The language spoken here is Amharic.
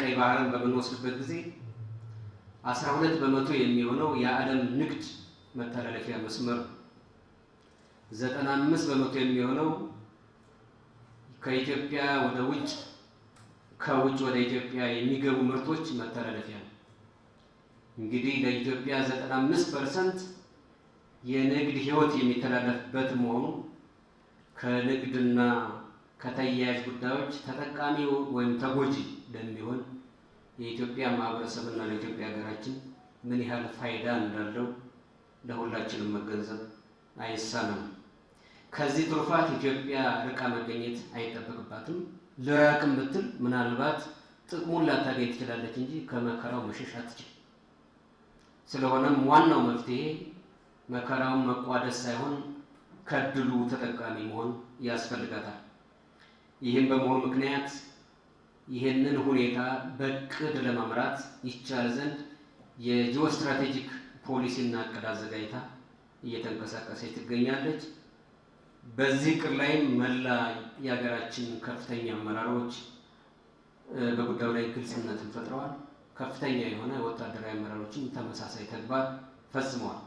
ቀይ ባህርን በምንወስድበት ጊዜ 12 በመቶ የሚሆነው የዓለም ንግድ መተላለፊያ መስመር፣ 95 በመቶ የሚሆነው ከኢትዮጵያ ወደ ውጭ፣ ከውጭ ወደ ኢትዮጵያ የሚገቡ ምርቶች መተላለፊያ ነው። እንግዲህ ለኢትዮጵያ 95 ፐርሰንት የንግድ ህይወት የሚተላለፍበት መሆኑ ከንግድና ከተያያዥ ጉዳዮች ተጠቃሚ ወይም ተጎጂ ለሚሆን የኢትዮጵያ ማህበረሰብና ለኢትዮጵያ ሀገራችን ምን ያህል ፋይዳ እንዳለው ለሁላችንም መገንዘብ አይሳንም። ከዚህ ትሩፋት ኢትዮጵያ ርቃ መገኘት አይጠበቅባትም። ልራቅም ብትል ምናልባት ጥቅሙን ላታገኝ ትችላለች እንጂ ከመከራው መሸሽ አትችል። ስለሆነም ዋናው መፍትሄ መከራውን መቋደስ ሳይሆን ከድሉ ተጠቃሚ መሆን ያስፈልጋታል። ይህም በመሆኑ ምክንያት ይህንን ሁኔታ በእቅድ ለመምራት ይቻል ዘንድ የጂኦ ስትራቴጂክ ፖሊሲና እቅድ አዘጋጅታ እየተንቀሳቀሰች ትገኛለች። በዚህ ቅር ላይም መላ የሀገራችን ከፍተኛ አመራሮች በጉዳዩ ላይ ግልጽነትን ፈጥረዋል። ከፍተኛ የሆነ ወታደራዊ አመራሮችም ተመሳሳይ ተግባር ፈጽመዋል።